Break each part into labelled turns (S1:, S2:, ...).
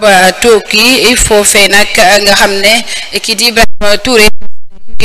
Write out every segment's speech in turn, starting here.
S1: ba faut foofee nag nga xam ne kii di Ibrahima Touré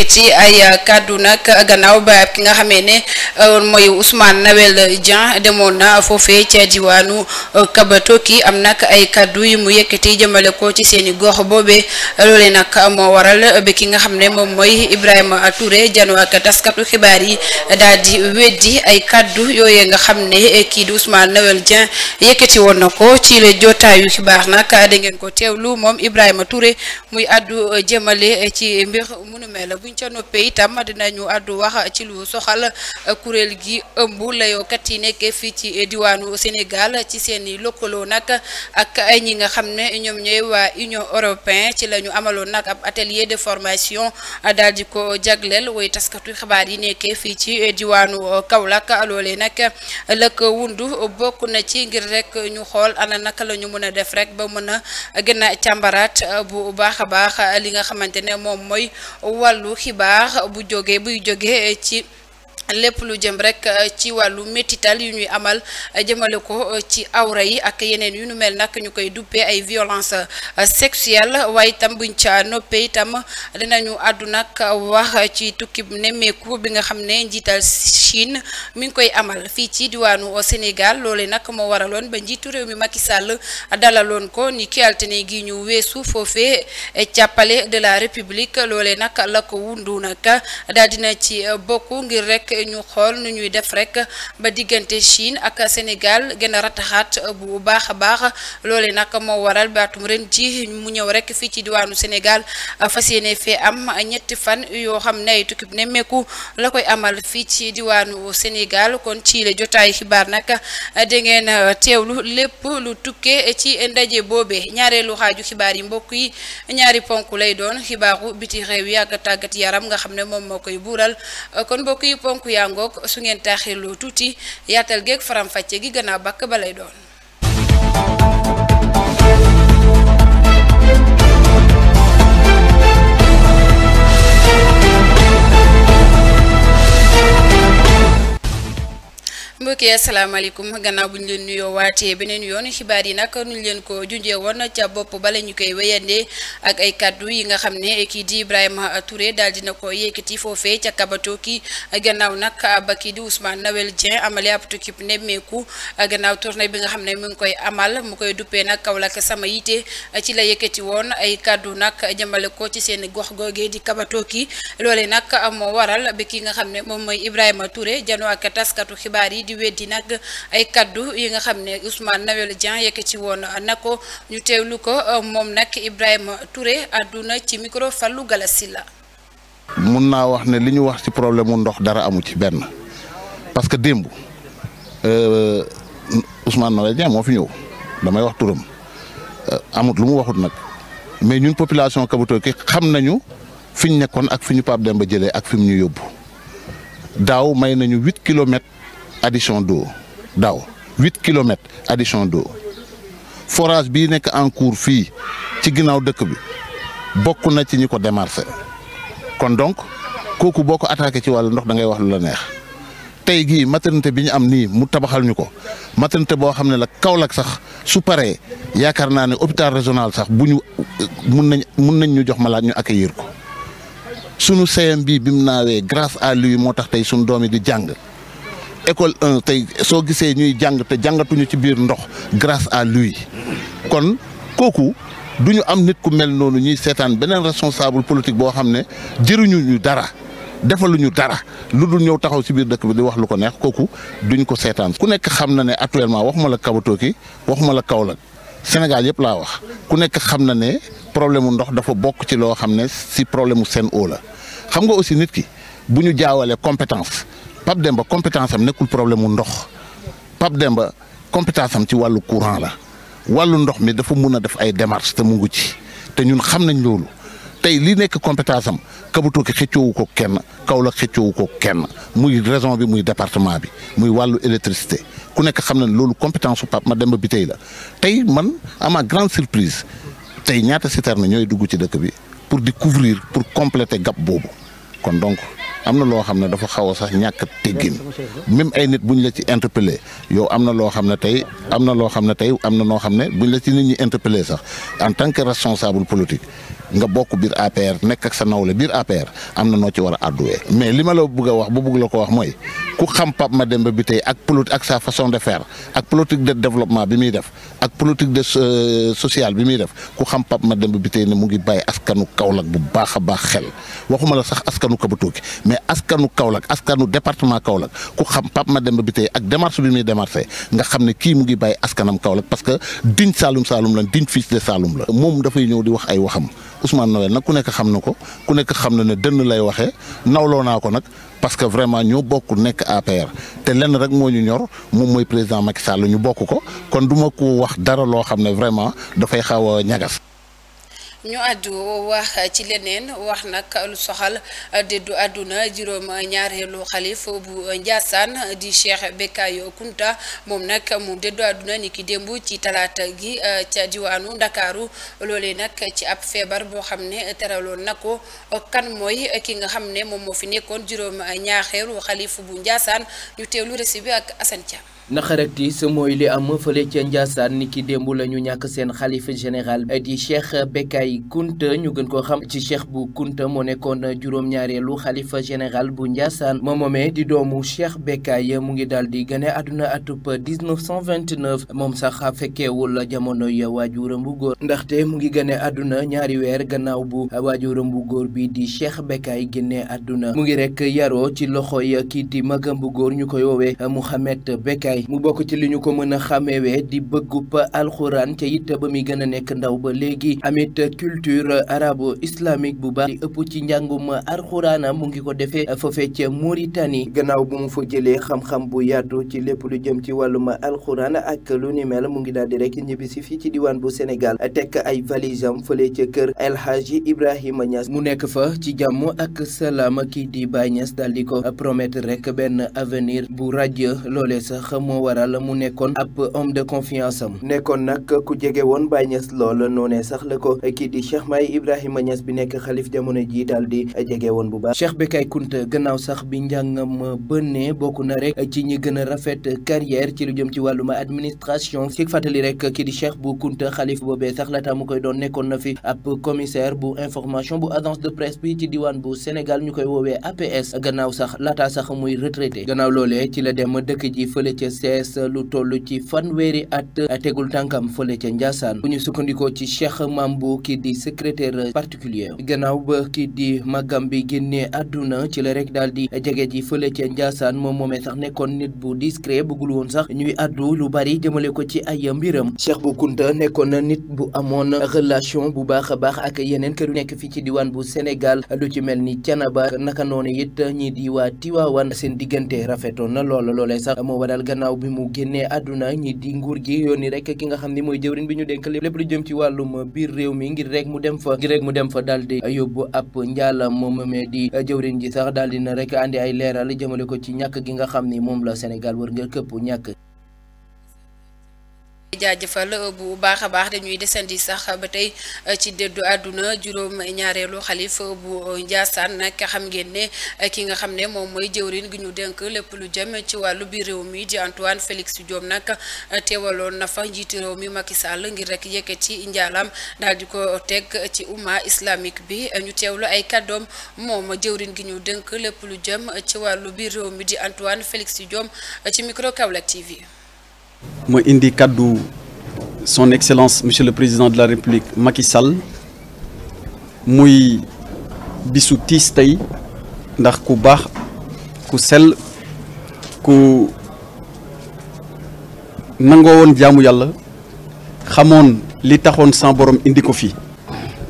S1: ci ay kàddu nag gannaaw ba ki nga xamee ne euh, mooy Ousmane Noël Dieng demoon na foofee ca diwaanu euh, Kabatoki am nag ay kàddu yu mu yëkkati jëmale ko ci seeni gox boobee loolee nag moo waral ki nga xam ne moom mooy Ibrahima Touré janoo ak taskatu xibaar yi daal di weddi ay kàddu yooyee nga xam ne kii di Ousmane nawel Dieng yëkkati woon na ko ci la jotaayu xibaar nag da ngeen ko teewlu moom Ibrahima Touré muy àddu jëmale ci mbir munu mel buñ ca noppee itam dinañu àddu wax ci lu soxal euh, kuréel gi ëmb layookat yi nekkee fii ci diwaanu Sénégal ci seen i lëkkaloo nag ak ay ñi nga xam ne ñoom ñooy waa Union européen ci la ñu amaloon nag ab atelier de formation daal di ko jagleel way taskatu xabaar yi nekkee fii ci diwaanu Kaolack loolee nag la ko wundu bokk na ci ngir rek ñu xool ana naka la ñu mën a def rek ba mën a gën a càmbaraat bu baax a baax li nga xamante ne moom mooy wàllu xibaax bu jóge buy jóge ci lépp lu jëm rek euh, ci wàllu métital yu ñuy amal euh, jëmale ko euh, ci awra yi ak yeneen yu nu mel nag ñu koy duppee ay violence sexuelle waaye itam buñ ca noppee itam dina dinañu àddu nag wax ci tukki nemmeeku bi nga xam ne njiital Chine mi ngi koy amal fii ci diwaanu Sénégal loole nag moo waraloon ba njiitu réew mi Macky Sall dalaloon ko ni ki altine gi ñu weesu foofee ca de la République loole nag la ko wundu nag daal dina ci bokk ngir rek ñu xool nu ñuy def rek ba diggante Chine ak Sénégal gën a rataxaat bu baax a baax loole nag moo waral baatum ren ji mu ñëw rek fii ci diwaanu Sénégal fas yéene fee am ñetti fan yoo xam ne ay tukkib nemmeeku la koy amal fii ci diwaanu Sénégal kon ci la jotaay xibaar nag da ngeen lu lépp lu tukkee ci ndaje boobe ñaaree ñaareelu xaaju xibaar yi mbokk yi ñaari ponk lay doon xibaaru biti réew yi tàggat yaram nga xam ne moom moo koy buural kon mbokk ponk yokku yaa ngoog su ngeen taaxirloo tuuti yaatal geeg faram-fàcce gi gannaaw bàkk ba lay doon. mbokk yi asalaamaaleykum gannaaw bu ñu leen nuyoo waatee beneen yoon xibaar yi nak nu ñu leen ko junjee woon ca bopp bala ñu koy wéyandee ak ay kaddu yi nga xam ne kii di Ibrahima Touré daal dina ko yëkkati foofee ca kabato ki gannaaw nag ba kii di Ousmane Noël Dieng amale ab tukki nemmeeku gannaaw tournée bi nga xam ne mu ngi koy amal mu koy duppee nag Kaolack sama yite ci la yëkkati woon ay kaddu nag jëmale ko ci seen gox googee di kabato ki loole nag moo waral nga xam ne Ibrahima Touré ak taskatu xibaar yi di weddi nak ay kaddu yi nga xamne ne Ousmane Nawel Dian yëkkati woon na ko ñu tewlu ko mom nak Ibrahim Touré aduna ci micro fallu Galassi
S2: mën na wax ne liñu wax ci problème ndox dara amu ci ben parce que euh Ousmane Nawel Dian mo fi ñew damay wax euh, amut lumu mu waxut nak mais ñun population Kabatoki xam nañu fiñ nekkon ak fiñu pap Pape Demba jëlee ak fiñu mu ñu yóbbu. daaw may nañu 8 km addition d'eau daw 8 km addition d'eau forage bi nek en cours fi ci ginnaaw dekk bi bokku na ci ñiko ko kon donc koku boko attaquer ci walu ndox da ngay wax lu la neex tay gi maternité biñu am ni mu tabaxal ñuko maternité bo xamne la kaolak sax su paré yaakar na ne hôpital régional sax buñu mën nañ mën nañ ñu jox malade ñu accueillir ko sunu CM bi bi mu grâce à lui motax tay sunu domi di jang école 1 tey soo gisee ñuy jàng te jàngatuñu ci biir ndox grace à lui kon kooku du ñu am nit ku mel noonu ñuy seetaan beneen responsable politique boo xam ne jëruñu ñu dara defaluñu dara lu dul ñëw taxaw ci biir dëkk bi di wax lu ko neex kooku duñ ko seetaan ku nekk xam na ne actuellement waxuma la Kabatoki waxuma la Kaolack Sénégal yëpp laa wax ku nekk xam na ne problème mu ndox dafa bokk ci loo xam ne si problème mu Sen'Eau la xam nga aussi nit ki bu ñu jaawalee compétence. pap Demba compétence am nekul problème mon ndox pap Demba compétence am ci walu courant la walu ndox mi dafa mëna def ay démarches te mu ngi ci te ñun xam nañ lolu tay li nek compétence am Kabatoki xëccoowu ko kenn Kaolack xëccoowu ko kenn muy raison bi muy département bi muy walu électricité ku nek xam nañ lolu compétence pap Pape Demba Bitèye la tay man à ma grande surprise tay ñaata citerne ñoy dugg ci dëkk bi pour découvrir pour compléter gap bobu kon donc. amna lo xamne dafa xawa sax ñak teggin même ay nit buñ la ci interpeller yo amna lo xamne tay amna lo xamne tay amna no xamne buñ la ci nit ñi interpeller sax en tant que responsable politique nga bokku bir APR nek ak sa nawle bir APR amna no ci war adoué mais lima la bëgg wax bu bëgg la ko wax moy ku xam ma dembe bi tay ak politique ak sa façon de faire ak politique de développement bi mi def ak politique de euh, social bi mi def ku xam ma dembe bi tay ne mu ngi bay askanu kaolak bu baaxa baax xel waxuma la sax askanu mais askanu Kaolack askanu département Kaolack ku xam Pape bi Bitèye ak démarche bi muy démarché nga xam ne kii mu ngi bàyyi askanam Kaolack parce que diñ Saalum Saalum la diñ fils de Saalum la. moom dafay ñëw di wax ay waxam Ousmane Noël nag ku nekk xam na ko ku nekk xam na ne dënn lay waxee nawloo naa ko nag. parce que vraiment ñoo bokk nekk APR te lenn rek moo ñu ñor moom mooy président Macky la ñu bokk ko kon duma ma ko wax dara loo xam ne vraiment dafay xaw a ñagas.
S1: ñu àddu wax ci leneen wax nag lu soxal déddu àdduna juróom ñaareelu xalif bu Njaasaan di Cheikh Bekkayo Kunta moom nag mu déddu àdduna ni ki démb ci talaata gi euh, ca diwaanu Ndakaaru loolee nag ci ab feebar boo xam ne teraloon na ko mooy ki nga xam ne moom moo fi nekkoon juróom ñaareelu xalif bu Njaasaan ñu teewlu resi bi ak Assane Thiam
S3: naxarati sa mooy li am fële ca Ndiassane ni ki démb la ñu ñàkk seen xalifa général di Cheikh Bekay Kounta ñu gën koo xam ci Cheikh bu Kounta moo nekkoon juróom-ñaareelu xalifa General bu Ndiassane moom di doomu Cheikh Bekay mu ngi daal di gane aduna atupa 1929 moom sax fekkeewul jamono ya waajuram bu góor ndaxte mu ngi gane aduna ñaari weer gannaaw bu waajuram bu góor bi di Cheikh Bekay génne aduna mu ngi rek yaro ci loxo di magam bu nyukoyowe ñu koy woowee Bekay Ndiaye mu bokk ci li ñu ko mën a xàmmeewee di bëggub alxuraan ca it ba muy gën a nekk ndaw ba léegi amit culture arabo islamique bu baax di ëpp ci njànguma alxuraana mu ngi ko defee foofee ca Mauritanie gannaaw bu mu fa jëlee xam-xam bu yaatu ci lépp lu jëm ci wàllum alxuraan ak lu ni mel mu ngi daal di rek ñibbisi fii ci diwaan bu Sénégal tekk ay valisam fële ca kër El Hadji Ibrahima Niass mu nekk fa ci jàmm ak salaam kii di Baye Niass ko promettre moo waral mu nekkoon ab homme de confiance am nekkoon nag ku jege woon Baye Niass lool noonee sax la ko kii di Cheikh Maye Ibrahima Niass bi nekk xalif jamono jii daal di jege woon bu baax Cheikh Bécaye Kounta gannaaw sax bi njàngam bënnee bokk na rek ci ñi gën a rafet carrière ci lu jëm ci wàllum administration ci fàttali rek kii di Cheikh bu Kounta xalif boobee sax laata mu koy doon nekkoon na fi ab commissaire bu information bu agence de presse bi ci diwaan bu Sénégal ñu koy woowee APS gannaaw sax laata Ses lu tollu ci fanweeri at tégul tankam fele ci Ndiassane bu ñu sukkandiko ci Cheikh Mambou ki di secrétaire particulier gannaaw ba ki di magam bi génnee aduna ci le rek daldi di ji momo ci Ndiassane mom momé sax nékkon nit bu discret bëggul won sax ñuy addu lu bari jëmele ko ci ay mbiram Cheikh bu kunta nékkon nit bu amone relation bu baaxa baax ak yenen keur nekk ci diwan bu Sénégal lu ci melni ni naka noonu it ñi di tiwa wan seen digënté rafetoon na lool loolee sax moo gannaaw bi mu génnee àdduna ñi di nguur gi yónni rek ki nga xam ni mooy jëwriñ bi ñu dénk lépp lu jëm ci wàllum biir réew mi ngir rek mu dem fa ngir rek mu dem fa daal di yóbbu ab njaala moom mee di jëwriñ ji sax daal dina rek andi ay leeral jëmale ko ci ñàkk gi nga xam ni moom la Sénégal wër ngir këpp ñàkk
S1: jaajëfal euh, bu baax a baax dañuy desandi sax ba tey euh, ci dëddu àdduna juróom ñaareelu xalif euh, bu Ndiassane nag xam ngeen ne ki nga xam ne moom mooy jëwrin gi ñu dënk lépp lu jëm ci wàllu biir réew mi di Antoine Félix Diome nag teewaloon na fa njiitu réew mi Macky Sall ngir rek yëkkati njaalam daal di ko teg ci umma islamique bi ñu teew lu ay kàddoom moom jëwrin gi ñu dënk lépp lu jëm ci wàllu biir réew mi di Antoine Félix Diome ci micro Kaolack TV.
S4: ma indi kàddu son excellence monsieur le président de la république Macky Sall muy bisu tiis Kusel, ndax ku bax ku sel ku nangoo li taxone sans borom indi ko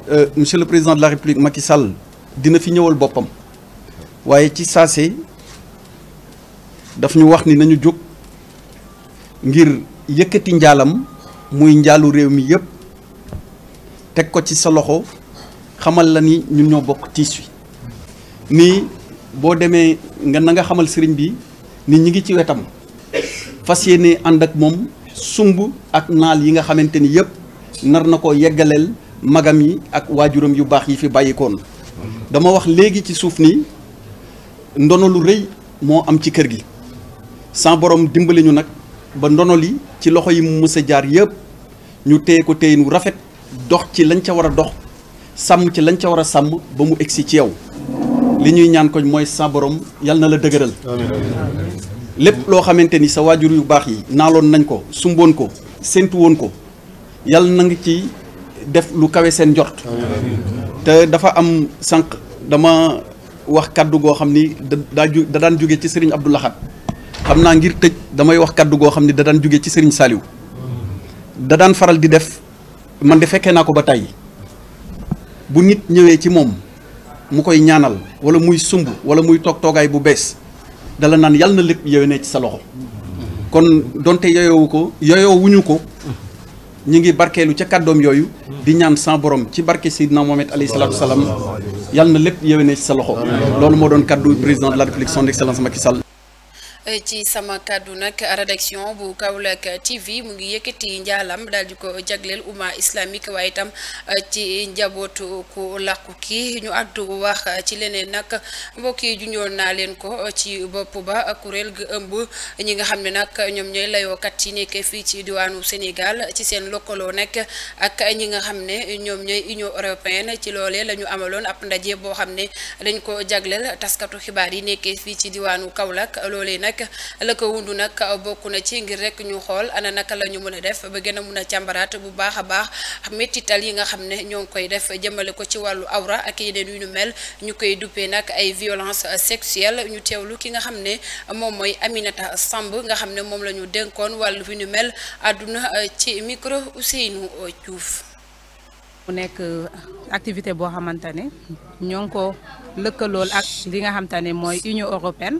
S4: euh, monsieur le président de la république Macky Sall dina fi ñëwal bopam waye ci saase daf ñu wax ni nañu juk ngir yëkkati njaalam muy njaalu réew mi yëpp teg ko ci sa loxo xamal la ni ñun ñoo bokk tiis wi nii boo demee nga na xamal sëriñ bi ni ñi ngi ci wetam fas yéene ànd ak moom sumb ak naal yi nga xamante ni yëpp nar na ko yeggaleel magam yi ak waajuram yu baax yi fi bàyyikoon dama wax léegi ci suuf ni ndono lu rëy moo am ci kër gi sans borom dimbali ñu nag ba ndono li ci loxo yi mu jaar yeb ñu tey ko tey ñu rafet dox ci lañ ca wara dox sam ci lañ ca wara sam ba mu exi ci yow li ñuy ñaan ko moy sa borom yal na la degeural lépp loo xamante ni sa wajur yu bax yi naaloon nañ ko sumbon ko sentu won ko yal na ci def lu kawé sen te dafa am sank dama wax kaddu go xamni da daan jóge ci serigne Abdou xamna ngir tëj damay wax kaddu go xamni da dan jóge ci Serigne saliw da dan faral di def man de fekkee nako ba tay bu nit ñëwee ci mom mu koy ñaanal wala muy sumbu wala muy tok togay bu da dala nan yal na yewé ne ci sa loxo kon donte wuko yoyo wuñu ko ñi ngi barkelu ci kaddom yoyu di ñaan sans borom ci mohammed ali sallallahu alayhi wasallam yal na lepp yewé ne ci sa loxo lolu mo doon kaddu président de la république son excellence Macky Sall
S1: ci sama kàddu nag rédaction bu Kaolack TV mu ngi yëkkati njaalam daal di ko jagleel umma islamique waa itam euh, ci njabootu ku làqu ki ñu àddu wax ci leneen nag mbokk yi junjoon naa leen ko euh, ci bopp ba kuréel gi ëmb ñi nga xam ne nag ñoom ñooy layookat yi nekk fii ci diwaanu Sénégal ci seen lëkkaloo nag ak ñi nga xam ne ñoom ñooy Union européenne ci loole la ñu amaloon ab ndaje boo xam ne dañ ko jagleel taskatu xibaar yi nekkee fii ci diwaanu Kaolack loolee nag rek la ko wundu nag bokk na ci ngir rek ñu xool ana naka la ñu mën a def ba gën a mun a càmbaraat bu baax a baax méttital yi nga xam ne ñoo ngi koy def jëmale ko ci wàllu awra ak yeneen yu nu mel ñu koy duppee nag ay violence sexuelle ñu teewlu ki nga xam ne moom mooy Aminata Samb nga xam ne moom la ñu dénkoon wàllu yu ñu mel àdduna ci micro nu Diouf.
S5: mu nekk activité boo xamante ne ñoo ngi ko lëkkalool ak li nga xamante ne mooy Union européenne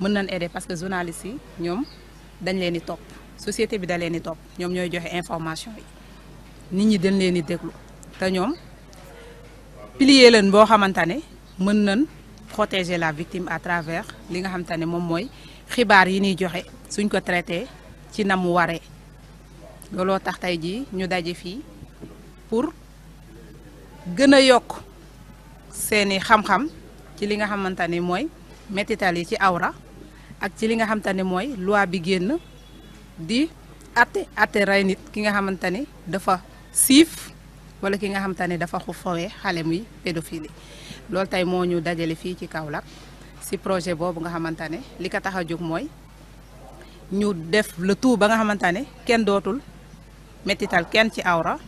S5: mën nañ aider parce que journalistes yi ñoom dañ leen di topp société bi da leen di topp ñoom ñooy joxe information yi nit ñi dañ leen di déglu te ñoom pilier leen boo xamante ne mën nañ protéger la victime à travers li nga xamante ne moom mooy xibaar yi ñuy joxe suñ ko traité ci na mu waree looloo tax tey jii ñu daje fii pour gën a yokk seeni xam-xam ci li nga xamante ne mooy métital yi ci awra ak ci li nga xamante ne mooy loi bi génn di atte atte rey nit ki nga xamante ne dafa siif wala ki nga xamante ne dafa xufawee xale muy pédophile loolu tey moo ñu dajale fii ci Kaolack si projet boobu nga xamante ne li ko tax a jóg mooy ñu def le tout ba nga xamante ne kenn dootul métital kenn ci awra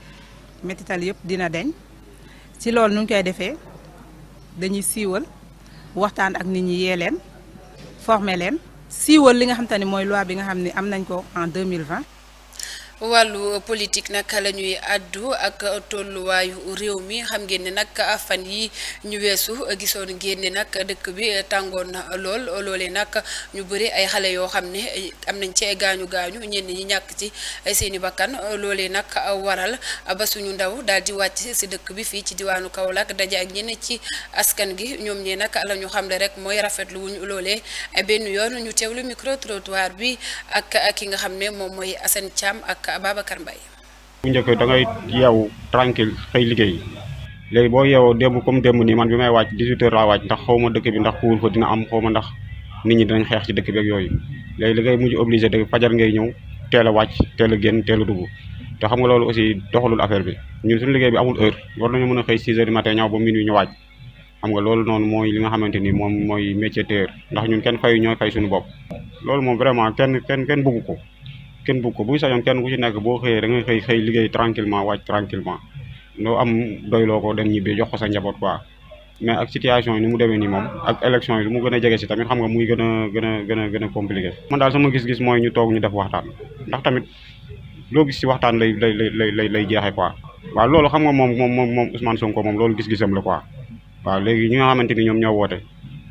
S5: métital yëpp dina deñ ci loolu nu ñu koy defee dañuy siiwal waxtaan ak nit ñi yee leen former leen siiwal li nga xam te ne mooy loi bi nga xam ni am nañ ko en 2020
S1: wàllu politique nag lañuy ñuy àddu ak tolluwaayu réew mi xam ngeen ne nag fan yi ñu weesu gisoon ngeen ne nag dëkk bi tàngoon na lool loolee nag ñu bëri ay xale yoo xam ne am nañ ci gaañu gaañu ñenn ñi ñàkk ci seeni bakkan loolee nag waral ba suñu ndaw daal di wàcc si dëkk bi fii ci diwaanu Kaolack daje ak ñenn ci askan gi ñoom ñi nag la xam xamle rek mooy rafetlu loole loolee benn yoon ñu teew lu trottoir bi ak ak ki nga xam ne moom mooy Assane Thiam ak. Ka Babacar Mbaye
S6: bu njëkk da ngay yeewu tranquille xëy liggéey léegi boo yeewoo démb comme démb nii man bi may wàcc 18 heures laa wàcc ndax xaw ma dëkk bi ndax kuur fa dina am xaw ma ndax nit ñi dinañ xeex ci dëkk bi ak yooyu léegi li ngay mujj obligé de fajar ngay ñëw teel a wàcc teel a génn teel a dugg te xam nga loolu aussi doxalul affaire bi ñun suñu liggéey bi amul heure war nañu mën a xëy 6 heures du matin ñaw ba minuit ñu wàcc xam nga loolu noonu mooy li nga xamante ni moom mooy métier terre ndax kenn fayu ñooy fay suñu bopp loolu moom vraiment kenn kenn kenn bëgg ko kenn bugg ko bu sañoon kenn ku ci nekk boo xëyee da nga xëy xëy liggéey tranquillement wàcc tranquillement loo am doyloo ko dem ñibbi jox ko sa njaboot quoi mais ak situation yi mu demee nii moom ak élection yi lu mu gën a jege si tamit xam nga muy gën a gën a gën a gën a compliqué man daal sama gis-gis mooy ñu toog ñu def waxtaan ndax tamit loo si waxtaan lay lay lay lay lay jeexee quoi waaw xam nga moom moom moom Ousmane Sonko moom loolu gis-gisam la quoi waa léegi ñi nga xamante ni ñoom ñoo woote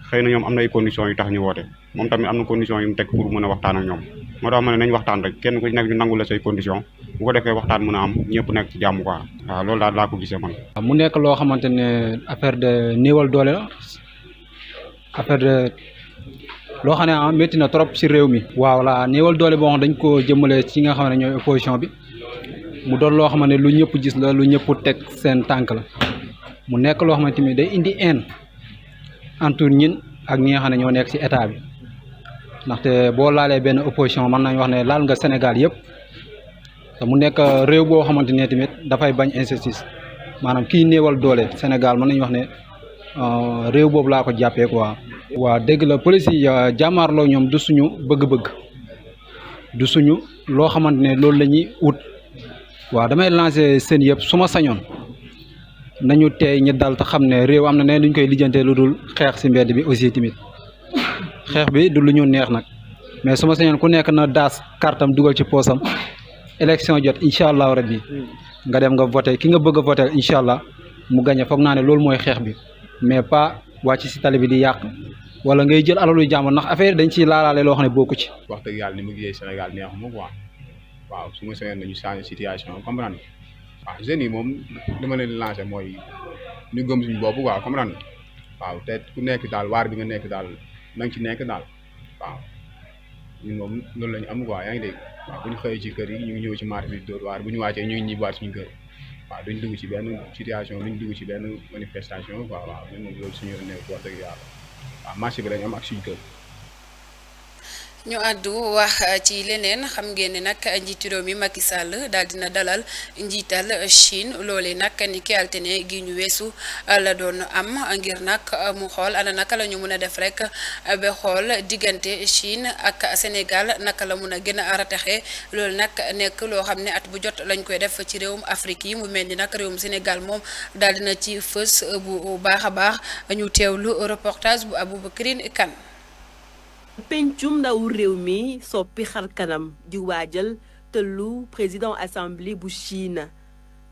S6: xëy na ñoom am na ay conditions yu tax ñu woote moom tamit am na conditions yu mu teg pour mën a waxtaan ak ñoom moo tax ma nañu waxtaan rek kenn ku nekk ñu nangu la say condition bu ko defee waxtaan mën a am ñëpp nekk ci jàmm quoi waaw loolu daal laa ko gisee man.
S7: mu nekk loo xamante ne affaire de néewal doole affaire loo xam ne ah na trop si réew mi. waaw la néewal doole boo dañ ko jëmale ci nga xam ne ñooy opposition bi mu doon loo xam ne lu ñëpp gis la lu ñëpp teg seen tànk la mu nekk loo xamante ni day indi haine entre ñin ak ñi nga xam ne ñoo nekk si état bi. ndaxte boo laalee benn opposition mën nañu wax ne laal nga Sénégal yëpp te mu nekk réew boo xamante ne tamit dafay bañ injustice maanaam kii néewal doole Sénégal man nañu wax ne euh, réew boobu laa ko jàppee quoi. waa dégg la police yi euh, jàmmaarloo ñoom du suñu bëgg-bëgg du suñu loo xamante ne loolu la ñuy ut waaw damay lancer seen yëpp su ma sañoon nañu teey ñi dal te xam ne réew am na ne luñ koy lijjantee lu dul xeex si mbedd bi aussi tamit. xeex bi du lu ñu neex nag mais su ma ku nekk na daas kartam dugal ci poosam élection jot incha allah rabbi nga dem nga voté ki nga bëgg a voté incha allah mu gañe foog naa ne loolu mooy xeex bi mais pas wàcc si tali bi di yàq wala ngay jël alalu jàmbur ndax affaire dañ ciy laalaale loo xam ne bokku ci.
S6: wax dëgg yàlla ni mu gisee Sénégal neexu ma waa waaw su ma sañoon nañu changé situation comprendre waaw jeunes yi moom li ma leen lancé mooy ñu gëm suñu bopp quoi waaw te ku nekk daal waar bi nga nekk daal. na nga ci nekk daal waaw ñu moom loolu la ñu am quoi yaa ngi dégg waaw bu ñu xëyee ci kër yi ñu ngi ñëw ci marché bi dóor waar bu ñu wàccee ñu ngi ñibbaat suñu kër waaw duñ dugg ci benn situation duñ dugg ci benn manifestation waaw ñun moom loolu si ñu ne wax dëgg yàlla waaw marché bi lañ am ak suñu kër
S1: ñu àddu wax euh, ci leneen xam ngeen ne nag njiitu réew mi Macky Sall daal dina dalal njiital Chine loole nag ni ki altine gi ñu weesu euh, la doon am ngir nag euh, mu xool ana naka la ñu mën a def rek ba xool diggante Chine ak Sénégal naka la mun a gën a rataxe loolu nag nekk loo xam ne at bu jot lañ koy def ci réewum Afrique yi mu mel ni nag réewum Sénégal moom daal dina ci fës bu
S8: baax a baax ñu teew lu reportage bu Aboubacrine Kane pencum ndaw réew mi soppi xar kanam di waajal tëllu président assemblée bu Chine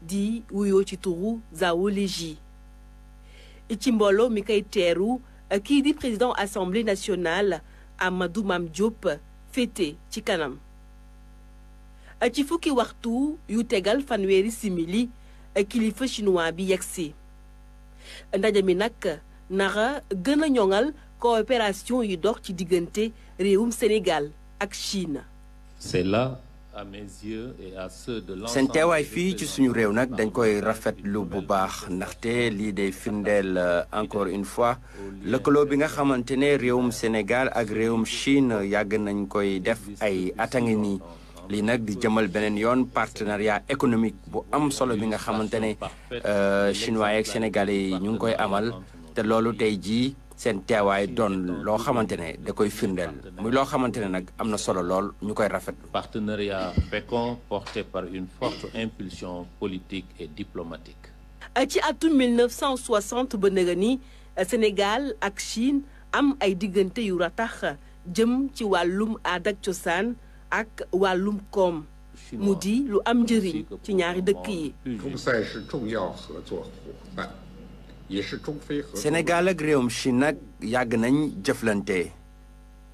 S8: di wuyoo ci turu Zhao Leji ci mbooloo mi kay teeru kii di président assemblée nationale Amadou Mame Diop féete ci kanam ci fukki waxtu yu tegal fanweeri simili kilifa chinois bi ci ndaje mi nag nara gën a ñoŋal coopération yu dox ci diggante réewum Sénégal ak Chine.
S9: c'est là à mes yeux et à ceux de l'ensemble seen teewaay ci suñu réew nak dañ koy rafetlu bu baax ndaxte li day findel euh, encore une fois le club bi nga xamante ne réewum Sénégal ak réewum Chine yag nañ koy def ay atangi ni li nak di jëmal benen yoon partenariat économique bu am solo bi nga xamante euh chinois et sénégalais ñu ngi koy amal té loolu tay ji seen teewaay doon loo xamante ne da koy firndeel muy loo xamante ne nag am na solo lool ñu koy rafet. partenariat fécond porté une forte impulsion politique et diplomatique.
S8: Euh, ci atum 1960 ba nga ni euh, Sénégal ak Chine am ay diggante yu ratax jëm ci wàllum aada ak cosaan ak wàllum koom. mu di lu am njëriñ
S9: ci ñaari dëkk yi. Sénégal ak réewum Chine nag yàgg nañ jëflante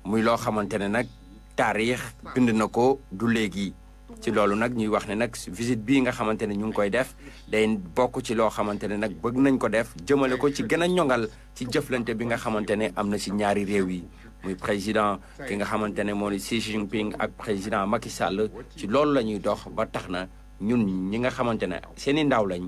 S9: muy loo xamante ne nag taarix bind na ko du léegi ci loolu nag ñuy wax ne nag visite bii nga xamante ne ñu ngi koy def day bokk ci loo xamante ne nag bëgg nañ ko def jëmale ko ci gën a ñoŋal ci jëflante bi nga xamante ne am na ci ñaari réew yi muy président ki nga xamante ne moo di Xi Jinping ak président Macky Sall ci loolu la ñuy dox ba tax na ñun ñi nga xamante ne seeni ndaw lañ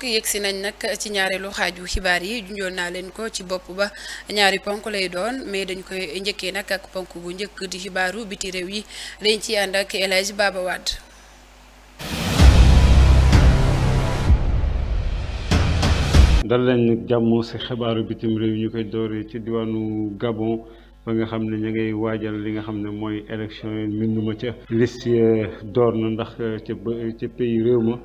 S1: mbokk yegg si nañ nag ci ñaareelu xaaju xibaar yi junjoon naa leen ci bopp ba ñaari ponk lay doon mais dañ koy njëkkee nag ak ponk bu njëkk di xibaaru biti réew yi dañ ciy ànd ak El Hadj Baba Wade
S10: dal lañ jàmm si xibaaru bitim ñu koy dooree ci diwaanu Gabon ba nga xam ne ñu ngay waajal li nga xam ne mooy élection yi mbindu ma ca liste door na ndax euh, ca ca pays réew ma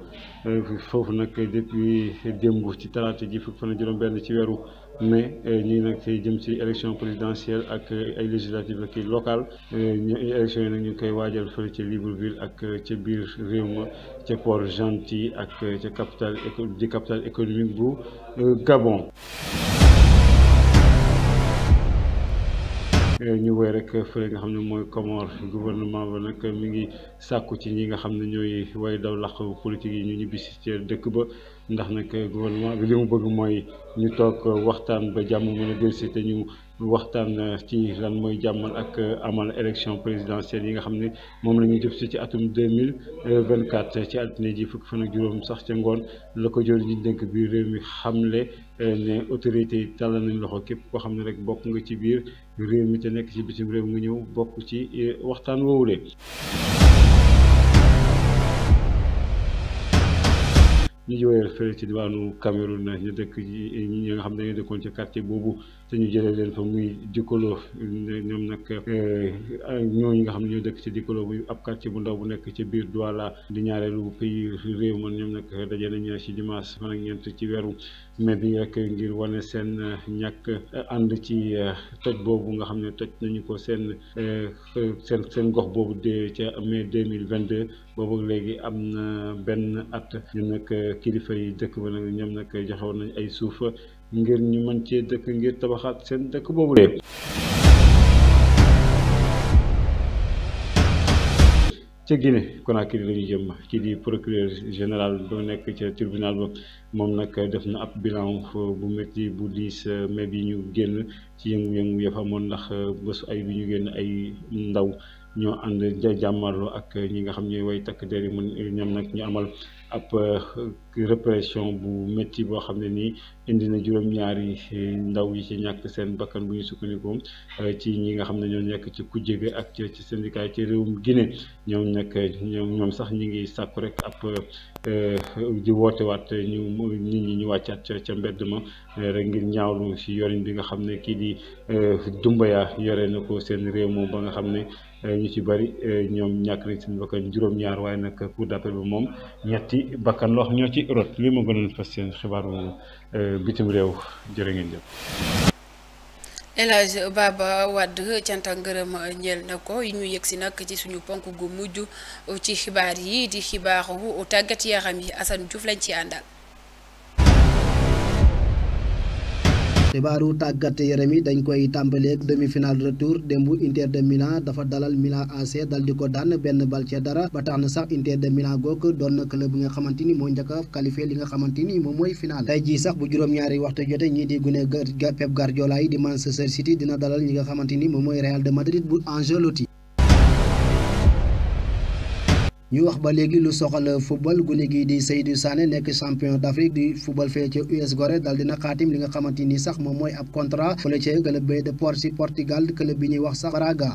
S10: euh, foofu nag depuis démb ci talaata ji fukk fan juróom benn ci weru mais euh, ñii nag jëm ci élection présidentielle ak ay législatives ak locale ñu élection yi nag ñu koy waajal fële ca Libreville ak ca biir réew ma ca Port-Gentil ak ca capitale di capitale économique bu Gabon ñu woy rek fële nga xam ne mooy Comore gouvernement ba nag mi ngi sàkku ci ñi nga xam ne ñooy way daw làq politique yi ñu ñibbisi ci dëkk ba ndax nag gouvernement bi li mu bëgg mooy ñu toog waxtaan ba jàmm mën a dellusi te ñu waxtaan euh, ci lan mooy jàmmal ak euh, amal élection présidentielle yi nga xam ne moom la ñu jëm si ci atum 2024 euh, ci altine ji fukki fan ak juróom sax ca ngoon la ko jël ñu dénk biir réew mi xamle ne autorité yi tàllal nañ loxo képp koo xam ne rek bokk nga ci biir réew mi te nekk ci bitim réew nga ñëw bokk ci waxtaan woowulee ñu jiwéyal fële ci diwaanu Cameroun ñu dëkk ñi nga xam ne dañoo dëkkoon ci quartier boobu te ñu jëlee leen fa muy Dikolo ñoom nag eh, ñooñu nga xam ne ñoo dëkk ci Dikolo muy ab quartier bu ndaw bu nekk ci biir Douala di ñaareelu pays réew man ñoom nag daje nañ ci dimanche fan ak ñeent ci weeru mais bi rek ngir wane seen ñàkk ànd ci eh, toj boobu nga xam ne toj nañu ko seen eh, seen seen gox boobu de ca mai deux mille vingt deux boobu léegi am na benn at ñoom nag kilifa yi dëkk ba nag ñoom nag joxewoon nañ ay suuf ngir ñu mën cee dëkk ngir tabaxaat seen dëkk boobu lee ca Guinée Conakry la ñu jëm ci di procureur général doo nekk ca tribunal ba moom nag def na ab bilan bu métti bu diis mai bi ñu génn ci yëngu-yëngu ya fa ndax bésu ay bi ñu génn ay ndaw ñoo ànd jàmmarloo ak ñi nga xam ñooy way takk der yi mun ñoom nag ñu amal ab euh, répression bu métti boo xam ne nii indi na juróom-ñaari euh, ndaw yi ci ñàkk seen bakkan bu ñu sukkandikoo euh, ci ñi nga xam ne ñoo nekk ci kujje bi ak ci syndicat ci réewum Guinée ñoom nag ñoom ñoom sax ñi ngi sàkku rek ab di wootewaat ñu nit ñi ñu wàccaat ca mbedd ma rek ngir ñaawlu ci yorin bi nga xam ne kii di yaa yore na ko seen réew moom ba nga xam ne Euh, ñu ci bëri euh, ñoom ñàkk nañ seen bakkan juróom-ñaar waaye nag cour d'appel ba moom ñetti bakkan loo ñoo ci rot li ma gënoon fas seen xibaaru euh, bitim réew jërë ngeen jëf.
S1: El Baba Wade cant ak ngërëm ñeel na ko yi ñu yëgsi nag ci suñu ponk gu mujj ci xibaar yi di xibaaru tàggat yaram yi Assane Diouf lañ ci àndal.
S11: xibaaru tàggat yaram yi dañ koy tàmbaleeg demi-finale retour démb Inter de Milan dafa dalal Milan AC dal di ko daan benn bal ci dara ba tax na sax Inter de Milan goog doon na club nga xamante ni moo njëkk a qualifié li nga xamante ni moom mooy final tey jii sax bu juróom-ñaari waxtu jote ñii di gune Pep Guardiola yi di Manchester City dina dalal ñi nga xamante ni moom mooy Real de Madrid bu Ancelotti ñu wax ba léegi lu soxal football gune gi di Seydou Sané nekk champion d'Afrique di football fee ca US Gorée dal dina xaatim li nga xamante ni sax moom mooy ab contrat fële ca club de Porto Portugal club bi ñuy wax sax Braga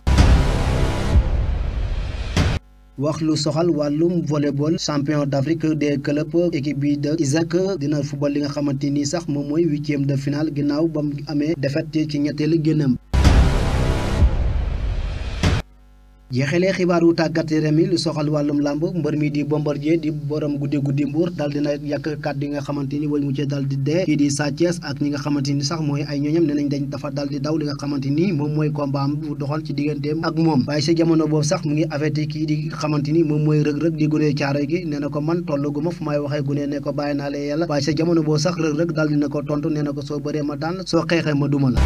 S11: wax lu soxal wàllum volleyball champion d'Afrique des clubs équipe bi de Isaac dina football li nga xamante ni sax moom mooy huitième de finale ginnaaw ba mu amee défaite ci ñetteelu génnam jeexalee xibaaru tàggat yaram yi lu soxal wàllum làmb mbër mi di Bombardier di borom guddi guddi mbuur daal dina yàq kàddu yi nga xamante ni wala mu ci daal di dee kii di Sa Thiès ak ñi nga xamante ni sax mooy ay ñooñam ne nañ dañ dafa daal di daw li nga xamante ni moom mooy combat am bu doxal ci digganteem ak moom waaye sa jamono boobu sax mu ngi affecté kii di xamante ni moom mooy rëg-rëg di gunee caaroy gi nee na ko man tollagu ma fu may waxee gunee ne ko bàyyi naa la yàlla waaye sa jamono boobu sax rëg dina ko tontu nee na ko soo bëree ma daan soo xeexee ma duma la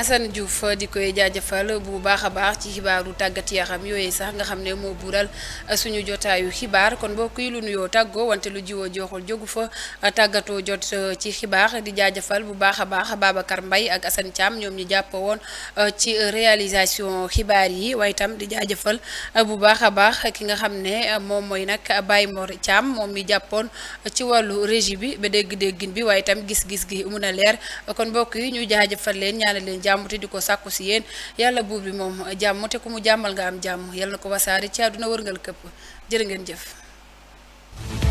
S1: Assane Diouf euh, di koy jaajëfal bu baax a baax ci xibaaru tàggat yaram yooyu sax nga xam ne moo buural euh, suñu jotaayu xibaar kon mbokk yi lu nuyoo tàggoo wante lu jiwoo joxul jógu fa euh, tàggatoo jot ci xibaar di jaajëfal bu baax a baax Babacar Mbaye ak Assane Thiam ñoom ñi jàpp woon ci réalisation xibaar yi waaye itam jaajëfal bu baax a baax ki nga xam ne moom mooy nag Baye Mor Thiam moom mi jàppoon ci wàllu régie bi ba dégg-déggin bi waaye itam gis-gis gi mun a leer kon ñu jaajëfal leen ñaanal leen jàmm te di ko sàkku si yéen yàlla buur bi moom jàmm te ku mu jàmmal nga am jàmm yàlla na ko wasaare ci àdduna wërngal këpp jërë ngeen jëf